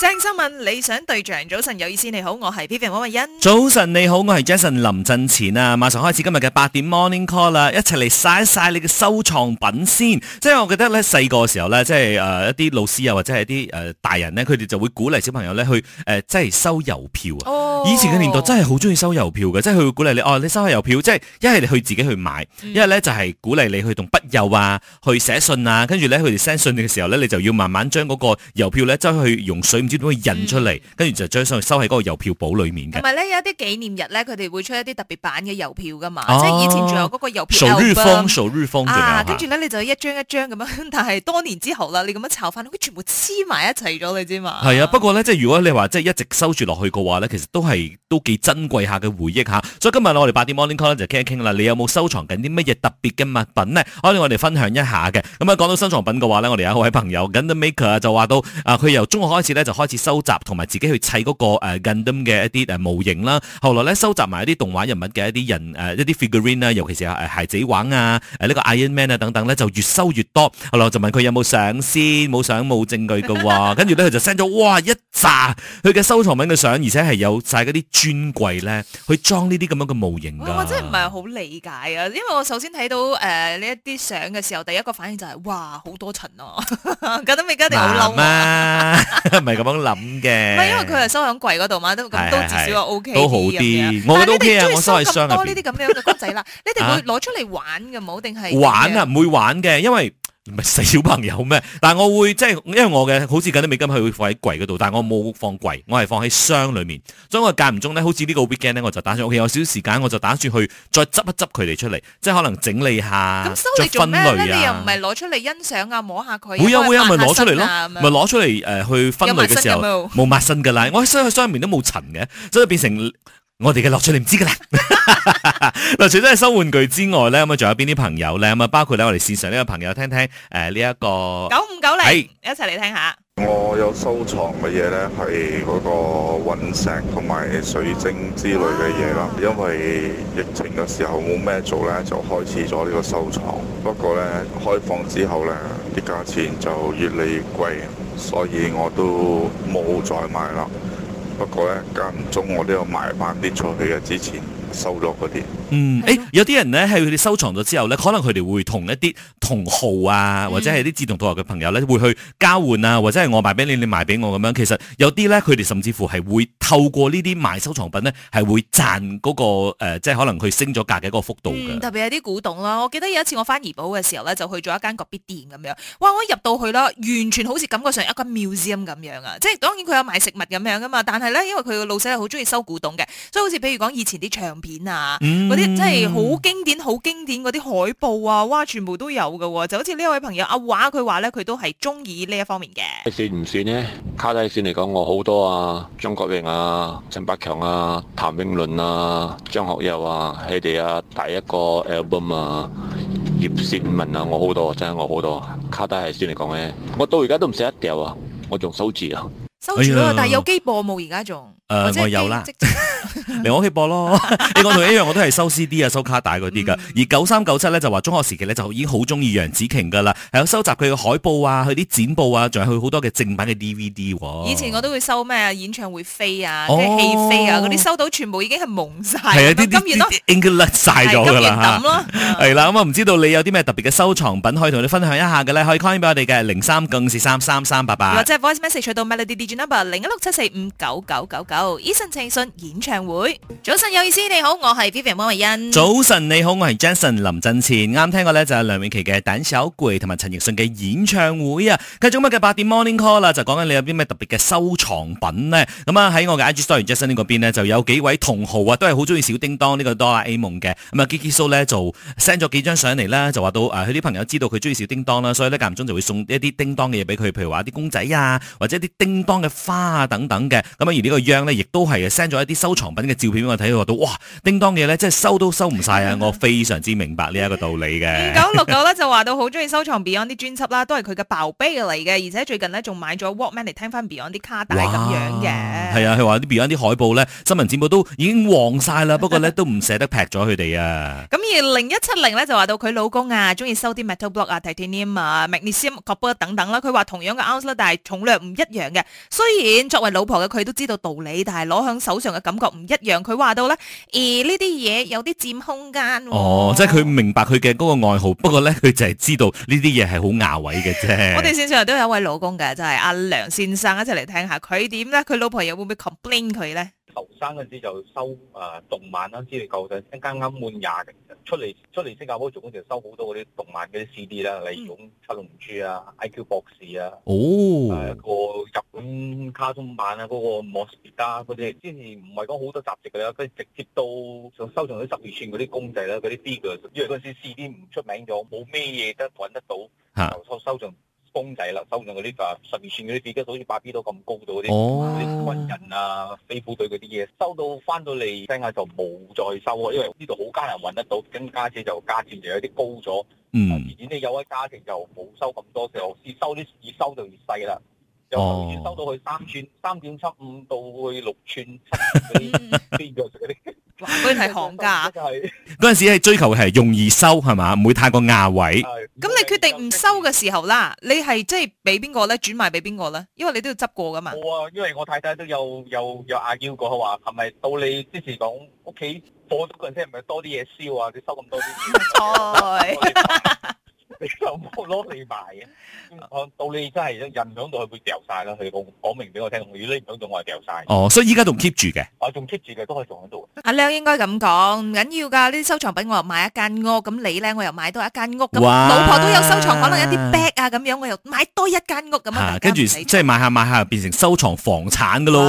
鄭新聞理想對象早晨有意思你好，我係 Peping 王慧欣。早晨你好，我係 Jason 林振前啊！馬上開始今日嘅八點 morning call 啦，一齊嚟晒一晒,晒你嘅收藏品先。即係我覺得咧，細個嘅時候咧，即係誒、呃、一啲老師啊，或者係一啲誒、呃、大人咧，佢哋就會鼓勵小朋友咧去誒、呃，即係收郵票啊。哦、以前嘅年代真係好中意收郵票嘅，即係佢會鼓勵你哦，你收下郵票，即係一係你去自己去買，一係咧就係、是、鼓勵你去同筆友啊去寫信啊，跟住咧佢哋 send 信嘅時候咧，你就要慢慢將嗰個郵票咧走去用水。印出嚟，跟住、嗯、就將收收喺嗰個郵票簿裏面嘅。同埋咧，有一啲紀念日咧，佢哋會出一啲特別版嘅郵票噶嘛，啊、即係以前仲有嗰個郵票 album，啊。跟住咧，你就一張一張咁樣，但係多年之後啦，你咁樣摷翻，佢全部黐埋一齊咗，你知嘛？係啊，不過咧，即係如果你話即係一直收住落去嘅話咧，其實都係都幾珍貴下嘅回憶嚇。所以今日我哋八點 Morning Call 就傾一傾啦，你有冇收藏緊啲乜嘢特別嘅物品咧？可以我哋分享一下嘅。咁啊，講到收藏品嘅話咧，我哋有一位朋友 Golden Maker 就話到啊，佢由中學開始咧就。開始收集同埋自己去砌嗰個誒 random 嘅一啲誒模型啦，後來咧收集埋一啲動畫人物嘅一啲人誒一啲 figurine 呢，尤其是誒孩子玩啊誒呢個 Iron Man 啊，等等咧就越收越多。後來就問佢有冇相先，冇相冇證據㗎喎。跟住咧佢就 send 咗哇一紮佢嘅收藏品嘅相，而且係有曬嗰啲專櫃咧去裝呢啲咁樣嘅模型。我真係唔係好理解啊，因為我首先睇到誒呢一啲相嘅時候，第一個反應就係哇好多層咯，覺得你而家一定好嬲啊，唔係咁啊。咁諗嘅，唔係想因為佢係收響櫃嗰度嘛，都咁都至少係 O K，都好啲。但係你哋中意，我收多呢啲咁樣嘅公仔啦，你哋會攞出嚟玩嘅冇定係？玩啊，唔會玩嘅，因為。唔係細小朋友咩？但係我會即係，因為我嘅好似近啲美金，佢會放喺櫃嗰度，但係我冇放櫃，我係放喺箱裏面。所以我間唔中咧，好似呢個 weekend 咧，我就打算屋企有少少時間，我就打算去再執一執佢哋出嚟，即係可能整理下，再分類啊。又唔係攞出嚟欣賞啊，摸下佢，有抹下佢，啊。會啊會啊，咪攞出嚟咯，咪攞出嚟誒去分類嘅時候，冇抹身噶啦，我喺箱箱入面都冇塵嘅，所以變成。我哋嘅樂趣你唔知噶啦，樂趣都係收玩具之外咧，咁啊仲有邊啲朋友咧？咁啊包括咧我哋線上呢個朋友聽聽誒呢一個九五九零，係一齊嚟聽下。我有收藏嘅嘢咧係嗰個隕石同埋水晶之類嘅嘢啦，因為疫情嘅時候冇咩做咧，就開始咗呢個收藏。不過咧開放之後咧，啲價錢就越嚟越貴，所以我都冇再買啦。不過咧，間中我都有買翻啲出去嘅之前。收落嗰啲，嗯，誒，有啲人咧係佢哋收藏咗之後咧，可能佢哋會同一啲同好啊，或者係啲志同道合嘅朋友咧，會去交換啊，或者係我賣俾你，你賣俾我咁樣。其實有啲咧，佢哋甚至乎係會透過呢啲賣收藏品咧，係會賺嗰個誒，即係可能佢升咗價嘅嗰個幅度嘅。特別係啲古董啦，我記得有一次我翻怡保嘅時候咧，就去咗一間國必店咁樣，哇！我入到去啦，完全好似感覺上一間 museum 咁樣啊，即係當然佢有賣食物咁樣噶嘛，但係咧因為佢個老細係好中意收古董嘅，所以好似譬如講以前啲長片啊，嗰啲真係好經典、好經典嗰啲海報啊，哇，全部都有噶喎，就好似呢位朋友阿華佢話咧，佢都係中意呢一方面嘅。算唔算呢？卡帶先嚟講，我好多啊，張國榮啊，陳百強啊，譚詠麟啊，張學友啊，佢哋啊，第一個 album 啊，葉倩文啊，我好多，真係我好多。卡帶係先嚟講咧，我到而家都唔捨得掉啊，我仲收住啊。收住啊！但係有機播冇？而家仲，誒我有啦，嚟我屋企播咯。你講同一樣，我都係收 CD 啊、收卡帶嗰啲㗎。而九三九七咧就話中學時期咧就已經好中意楊紫瓊㗎啦，係有收集佢嘅海報啊、佢啲剪報啊，仲有佢好多嘅正版嘅 DVD。以前我都會收咩啊？演唱會飛啊、咩戲飛啊嗰啲，收到全部已經係蒙曬，咁今年咯，English 甩咗㗎啦嚇。係啦，咁啊唔知道你有啲咩特別嘅收藏品可以同你分享一下嘅咧？可以 call in 俾我哋嘅零三更是三三三，八八。或者 voice message 到 number 零一六七四五九九九九，Eason 陳奕迅演唱會。早晨有意思，你好，我係 Vivian 汪慧欣。早晨你好，我係 Jason 林振前。啱啱聽過咧就係梁詠琪嘅《膽小鬼》同埋陳奕迅嘅演唱會啊！繼續乜嘅八點 Morning Call 啦，就講緊你有啲咩特別嘅收藏品呢。咁啊喺我嘅 IG Story Jason 呢嗰邊呢，就有幾位同好是很喜歡、這個、啊，都係好中意小叮噹呢個哆啦 A 夢嘅。咁啊，Kiki Sue 咧就 send 咗幾張相嚟啦，就話到誒，佢啲朋友知道佢中意小叮噹啦，所以咧間唔中就會送一啲叮噹嘅嘢俾佢，譬如話啲公仔啊，或者啲叮噹。花啊等等嘅，咁啊而呢個央咧，亦都係 send 咗一啲收藏品嘅照片俾我睇，話到哇，叮噹嘢咧，即係收都收唔晒啊！我非常之明白呢一個道理嘅。九六九咧就話到好中意收藏 Beyond 啲專輯啦，都係佢嘅爆碑嚟嘅，而且最近咧仲買咗 Walkman 嚟聽翻 Beyond 啲卡帶咁樣嘅。係啊，佢話啲 Beyond 啲海報咧，新聞節目都已經黃晒啦，不過咧都唔捨得劈咗佢哋啊。咁而零一七零咧就話到佢老公啊，中意收啲 Metal Block 啊、Titanium 啊、Magnesium、Copper 等等啦。佢話同樣嘅 ounce 啦，但係重量唔一樣嘅。雖然作為老婆嘅佢都知道道理，但係攞響手上嘅感覺唔一樣。佢話到咧，而呢啲嘢有啲佔空間哦。哦，即係佢明白佢嘅嗰個愛好，不過咧佢就係知道呢啲嘢係好牙位嘅啫。 我哋線上都有一位老公嘅，就係、是、阿梁先生，一齊嚟聽下佢點咧？佢老婆又會唔會 complain 佢咧？後生嗰陣時就收啊動漫啦之類舊嘅，一間啱滿廿零出嚟出嚟新加坡做工就收好多嗰啲動漫嗰啲 CD 啦，例如七龍珠啊、IQ 博士啊,、哦、啊，一個日本卡通版啊，嗰、嗰個莫術家嗰啲，之前唔係講好多雜誌嘅，啦，跟直接到就收藏咗十二寸嗰啲公仔啦，嗰啲 f 因為陣時 CD 唔出名咗，冇咩嘢得揾得到，收收藏。公仔啦，收咗嗰啲啊十二寸嗰啲 B 級，好似八 B 到咁高到嗰啲軍人啊、飛虎隊嗰啲嘢，收到翻到嚟聲啊就冇再收啊，因為呢度好家人揾得到，跟家姐，姐就價錢就有啲高咗。嗯，mm. 而家呢有位家庭就冇收咁多，就先收啲，越收就越細啦，由兩寸收到去三寸，三點七五到去六寸七寸。 會係行家。嗰陣時係追求係容易收係嘛，唔會太過亞位。咁你決定唔收嘅時候啦，你係即係俾邊個咧，轉賣俾邊個咧？因為你都要執過噶嘛。冇啊，因為我太太都有有有嗌交過話，係咪到你之前講屋企火燭嗰陣時，係咪多啲嘢燒啊？你收咁多啲。錯。你又冇攞嚟賣嘅？我到你真係，印象到佢會掉晒啦。佢講講明俾我聽，我要拎響度，我係掉晒。哦，所以依家仲 keep 住嘅？我仲 keep 住嘅，都可以放喺度。阿靚應該咁講，唔緊要噶。呢啲收藏品我又買一間屋，咁你咧我又買多一間屋。哇！老婆都有收藏，可能一啲 bag 啊咁樣，我又買多一間屋咁樣。跟住即係買下買下，變成收藏房產噶咯。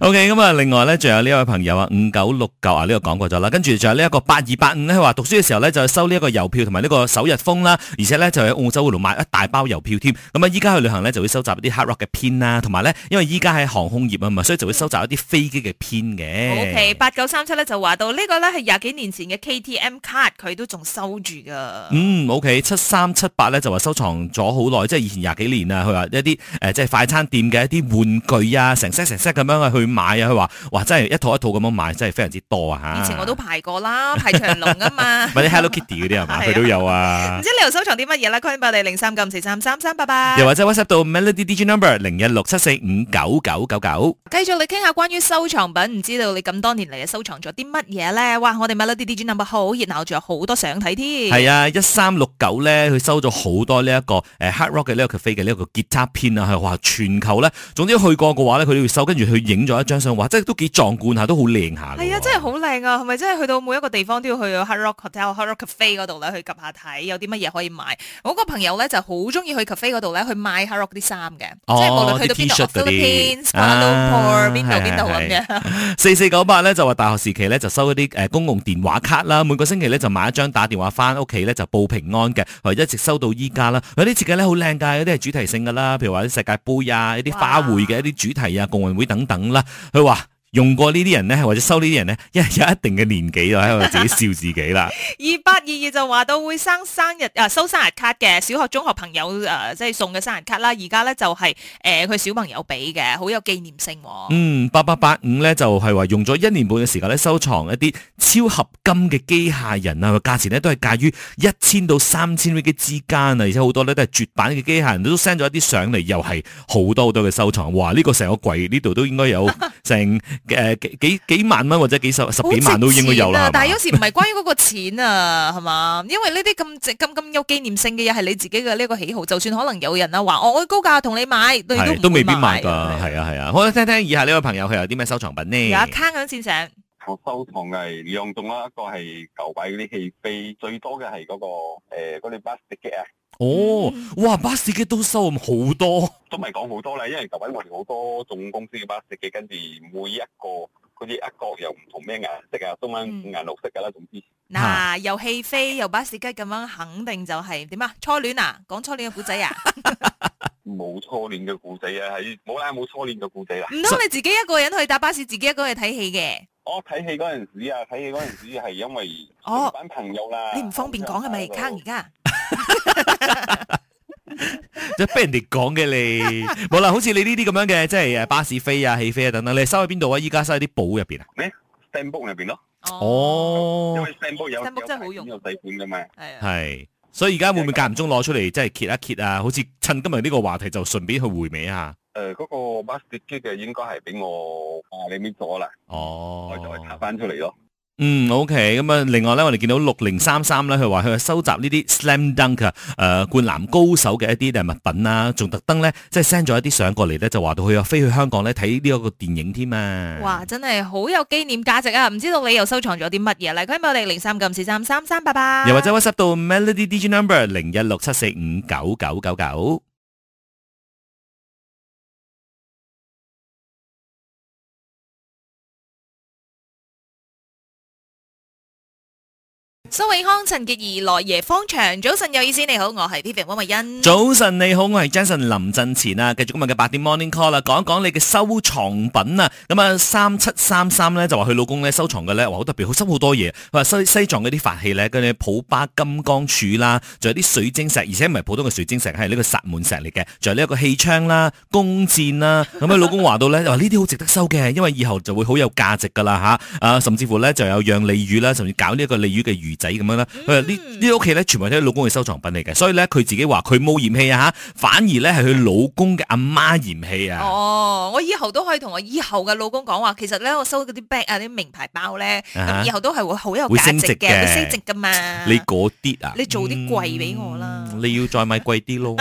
O K，咁啊，另外咧，仲有呢位朋友啊，五九六九啊，呢個講過咗啦。跟住仲有呢一個八二八五咧，佢話讀書嘅時候咧就收呢一個郵票同埋呢個手日封啦，而且咧就喺澳洲嗰度買一大包郵票添。咁啊，依家去旅行咧就會收集啲 hard rock 嘅片啦，同埋咧，因為依家喺航空業啊嘛，所以就會收集一啲飛機嘅片嘅。O K，八九三七咧就話到呢個咧係廿幾年前嘅 K T M card，佢都仲收住噶。嗯，O K，七三七八咧就話收藏咗好耐，即係以前廿幾年啊。佢話一啲誒，即係快餐店嘅一啲玩具啊，成色成色咁樣去買啊。佢話哇，真係一套一套咁樣買，真係非常之多啊吓。以前我都排過啦， 排長龍啊嘛。咪啲 Hello Kitty 嗰啲係嘛，佢 都有啊。唔 知道你又收藏啲乜嘢啦？call 我哋零三九四三三三八八，又或者 WhatsApp 到 Melody Digi Number 零一六七四五九九九九。繼續你傾下關於收藏品，唔知道你咁多年嚟啊收藏咗啲乜嘢咧？哇！我哋 Melody Digi Number 好熱鬧，仲有好多相睇添。係啊，一三六九咧，佢收咗好多呢、這、一個誒、呃、hard rock 嘅呢個 cafe 嘅呢個吉他片啊，係話全球咧，總之去過嘅話咧，佢都要收，跟住佢影咗一張相，話真係都幾壯觀下，都好靚下。係啊，真係好靚啊！係咪真係去到每一個地方都要去 hard rock hotel、 hard rock cafe 嗰度咧去 𥄫 下睇？有啲乜嘢可以買？我、個朋友咧就好中意去 cafe 嗰度咧去買下嗰啲衫嘅，哦、即係無論去到邊度、啊、Philippines、啊、邊度邊度噉嘅。四四九八咧就話大學時期咧就收一啲誒公共電話卡啦，每個星期咧就買一張打電話翻屋企咧就報平安嘅，佢一直收到依家啦。嗰啲設計咧好靚㗎，嗰啲係主題性噶啦，譬如話啲世界杯啊、哇一啲花卉嘅一啲主題啊、共運會等等啦，佢話。用過呢啲人咧，或者收呢啲人咧，因為有一定嘅年紀，就喺度自己笑自己啦。二八二二就話到會生生日，啊、收生日卡嘅小學、中學朋友誒、呃，即係送嘅生日卡啦。而家咧就係誒佢小朋友俾嘅，好有紀念性、啊。嗯，八八八五咧就係、是、話用咗一年半嘅時間咧，收藏一啲超合金嘅機械人啊，價錢咧都係介於一千到三千蚊之間啊，而且好多咧都係絕版嘅機械人，都 send 咗一啲上嚟，又係好多好多嘅收藏。哇！呢、這個成個櫃呢度都應該有成。 誒，幾幾幾萬蚊或者幾十十幾萬都應該有啦。但係有時唔係關於嗰個錢啊，係嘛？因為呢啲咁值咁咁有紀念性嘅嘢係你自己嘅呢個喜好。就算可能有人啊話我高價同你買，你都都未必買噶。係啊係啊，好想聽聽以下呢位朋友佢有啲咩收藏品咧？有一卡嘅鑽石。我收藏嘅係洋洞啦，一個係舊版嗰啲戲飛，最多嘅係嗰個誒嗰啲巴士機啊。哦，哇！巴士機都收好多，都咪講好多啦，因為各位我哋好多總公司嘅巴士機，跟住每一個嗰啲一角又唔同咩顏色啊，都啱五顏六色噶啦，總之。嗱，又戲飛又巴士機咁樣，肯定就係點啊？初戀啊，講初戀嘅故仔啊？冇初戀嘅故仔啊，係冇啦，冇初戀嘅故仔啦。唔通你自己一個人去搭巴士，自己一個人去睇戲嘅？我睇戲嗰陣時啊，睇戲嗰陣時係因為玩朋友啦，你唔方便講係咪？而家而家。即係俾人哋講嘅你，冇啦， 好似你呢啲咁樣嘅，即係誒巴士飛啊、戲飛啊等等，你收喺邊度啊？依家收喺啲簿入邊啊？咩？stamp book 入邊咯。哦。因為 stamp book 有有地盤噶嘛。係、哦。所以而家會唔會間唔中攞出嚟，即係揭一揭啊？好似趁今日呢個話題，就順便去回味下。誒、呃，嗰、嗰個巴士飛嘅應該係俾我啊，你搣咗啦。哦。我再拆翻出嚟咯。嗯，OK，咁啊，另外咧，我哋見到六零三三咧，佢話佢收集呢啲 slam dunk 啊，誒，灌籃高手嘅一啲嘅物品啦，仲特登咧，即係 send 咗一啲相過嚟咧，就話到佢啊飛去香港咧睇呢一個電影添啊！哇，真係好有紀念價值啊！唔知道你又收藏咗啲乜嘢？嚟，歡迎我哋零三九四三三三八八，又或者 whatsapp 到 melody DJ 嘅 number 零一六七四五九九九九。蘇永康、陳潔儀、來爺方丈，早晨有意思，你好，我係 Peter 汪慧欣。早晨你好，我係 Jason 林振前啊，繼續今日嘅八點 Morning Call 啦，講講你嘅收藏品啊，咁啊三七三三咧就話佢老公咧收藏嘅，咧話好特別，好深好多嘢，佢話西西藏嗰啲法器咧，跟住普巴金剛杵啦，仲有啲水晶石，而且唔係普通嘅水晶石，係呢個薩滿石嚟嘅，仲有呢一個氣槍啦、弓箭啦，咁佢 老公話到咧，話呢啲好值得收嘅，因為以後就會好有價值噶啦吓，啊甚至乎咧就有養鯉魚啦，甚至搞呢一個鯉魚嘅魚。仔咁樣啦，佢呢呢屋企咧全部都係老公嘅收藏品嚟嘅，所以咧佢自己話佢冇嫌棄啊，反而咧係佢老公嘅阿媽嫌棄啊。哦，我以後都可以同我以後嘅老公講話，其實咧我收嗰啲 bag 啊，啲名牌包咧，啊、哈以後都係會好有價值嘅，會升值噶嘛。你嗰啲啊？你做啲貴俾我啦，嗯。你要再買貴啲咯。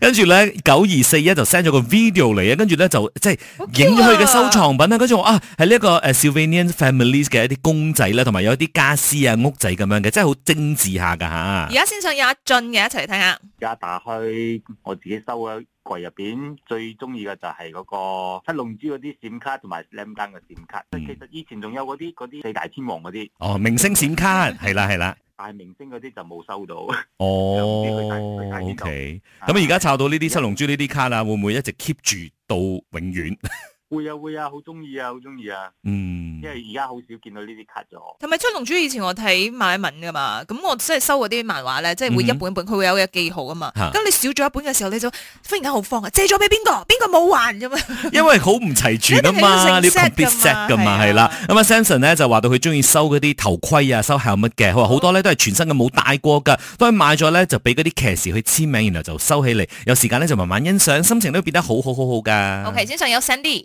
跟住咧九二四一就 send 咗個 video 嚟啊，跟住咧就即係影咗佢嘅收藏品啊，跟住我啊係呢個個誒 Sylvanian families 嘅一啲公仔咧，同埋有啲家。師啊屋仔咁樣嘅，真係好精緻下噶吓。而家先上有阿俊嘅，一齊睇下。而家打開我自己收嘅櫃入邊，最中意嘅就係嗰個七龍珠嗰啲閃卡同埋 lamp 燈嘅閃卡。嗯、即係其實以前仲有嗰啲嗰啲四大天王嗰啲。哦，明星閃卡係啦係啦。啦大明星嗰啲就冇收到。哦。O K。咁而家炒到呢啲七龍珠呢啲卡啦，嗯、會唔會一直 keep 住到永遠、啊？會啊會啊，好中意啊好中意啊。嗯。因為而家好少見到呢啲卡咗，同埋出龍珠以前我睇漫文噶嘛，咁我即係收嗰啲漫畫咧，即、就、係、是、每一本一本，佢會有個記號啊嘛。咁、嗯、你少咗一本嘅時候，你就忽然間好慌啊，借咗俾邊個？邊個冇還咁 嘛？因為好唔齊全啊嘛，呢個特別 set 噶嘛，係啦的。咁啊 Samson 咧就話到佢中意收嗰啲頭盔啊，嗯、收係乜嘅，佢話好多咧都係全新嘅冇戴過噶，都係買咗咧就俾嗰啲騎士去簽名，然後就收起嚟，有時間咧就慢慢欣賞，心情都變得好好好好噶。OK，先上有 Sandy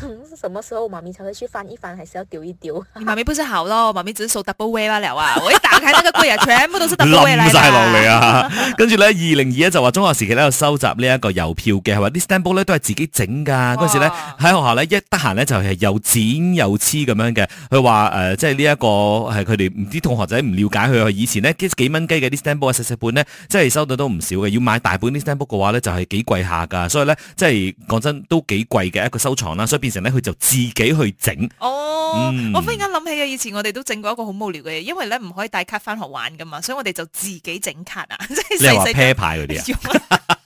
是什麼時候媽咪才會去翻一翻，還是要丟一丟？啊、你媽咪不是好咯，媽咪只是 double wave 啦，了啊！我一打開那個櫃啊，全部都是 double wave 落嚟噶。跟住咧，二零二一就話中學時期咧，有收集郵呢一個郵票嘅，係話啲 stamp book 都係自己整噶。嗰陣、啊、時咧喺學校咧一得閒咧就係又剪又黐咁樣嘅。佢話誒，即係呢一個係佢哋唔知同學仔唔了解佢，以前咧幾蚊雞嘅啲 stamp book 啊，本咧，即係收到都唔少嘅。要買大本啲 stamp book 嘅話咧，就係、是、幾貴下噶，所以咧即係講真都幾貴嘅一個收藏啦。所以其實咧，佢就自己去整。哦，嗯、我忽然間諗起啊，以前我哋都整過一個好無聊嘅嘢，因為咧唔可以帶卡返學玩噶嘛，所以我哋就自己整卡啊，即係細細啤牌嗰啲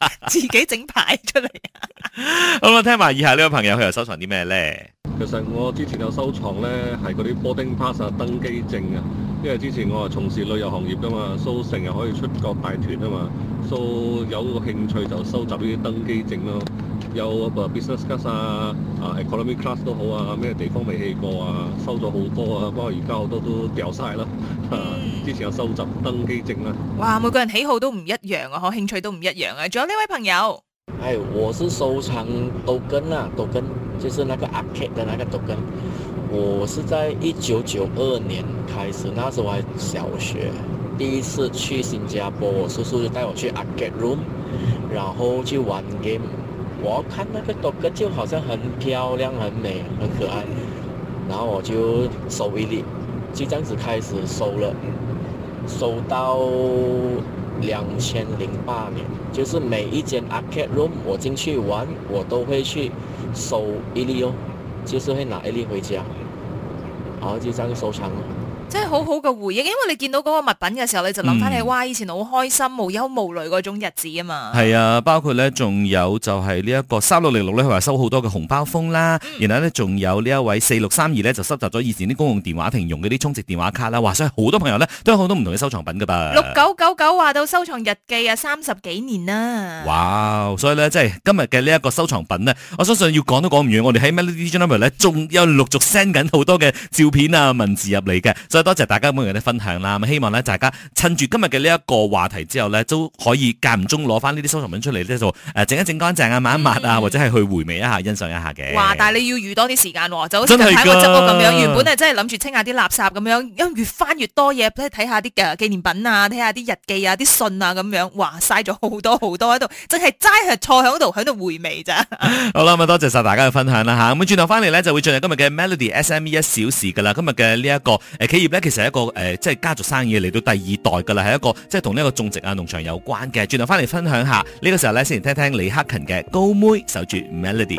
啊，自己整牌出嚟。 好啦，聽埋以下呢個朋友，佢又收藏啲咩咧？其實我之前有收藏咧，係嗰啲 boarding pass 登機證啊，因為之前我係從事旅遊行業噶嘛，蘇成日可以出國帶團啊嘛，所以有個興趣就收集呢啲登機證咯。有啊 business class 啊，啊 economy class 都好啊，咩地方未去過啊，收咗好多啊，不過而家好多都掉晒啦。之前有收集登機證啦。哇，每個人喜好都唔一樣啊，可興趣都唔一樣啊。仲有呢位朋友，係我是收藏杜根啊，杜根。就是那個 arcade 的那個 token 我是在一九九二年開始，那時候我還小學，第一次去新加坡，我叔叔就帶我去 arcade room，然後去玩 game，我看那個 token 就好像很漂亮、很美、很可愛，然後我就收一粒，就這樣子開始收了，收到兩千零八年，就是每一間 arcade room 我進去玩，我都會去。收一粒哦，就是去拿一粒回家，然後就這樣收藏了。真係好好嘅回憶，因為你見到嗰個物品嘅時候，你就諗翻起、嗯、哇，以前好開心、無憂無慮嗰種日子啊嘛。係啊，包括咧，仲有就係呢一個三六零六咧，佢話收好多嘅紅包封啦。嗯、然後咧，仲有呢一位四六三二咧，就收集咗以前啲公共電話亭用嗰啲充值電話卡啦。哇，所以好多朋友咧都有好多唔同嘅收藏品㗎噃。六九九九話到收藏日記啊，三十幾年啦。哇，所以咧，即係今日嘅呢一個收藏品呢，我相信要講都講唔完。我哋喺咩呢啲 number 咧仲有陸續 send 緊好多嘅照片啊、文字入嚟嘅，所以。多謝大家每日的分享啦，咁希望咧大家趁住今日嘅呢一個話題之後咧，都可以間唔中攞翻呢啲收藏品出嚟咧，就誒整一整乾淨啊，抹一抹啊，嗯、或者係去回味一下、欣賞一下嘅。哇！但係你要預多啲時間喎，就好似睇個直播咁樣，原本係真係諗住清下啲垃圾咁樣，因為越翻越多嘢，睇下啲嘅紀念品看看啊，睇下啲日記啊、啲信啊咁樣，哇！嘥咗好多好多喺度，真係齋係坐喺度，喺度回味咋。好啦，咁多謝晒大家嘅分享啦嚇，咁轉頭翻嚟咧就會進入今日嘅 Melody SME 一小時噶啦，今日嘅呢一個、呃、企業。咧，其實係一個誒、呃，即係家族生意嚟到第二代噶啦，係一個即係同呢一個種植啊農場有關嘅。轉頭翻嚟分享一下呢、呢個時候咧，先嚟聽聽李克勤嘅《高妹守住 Melody》。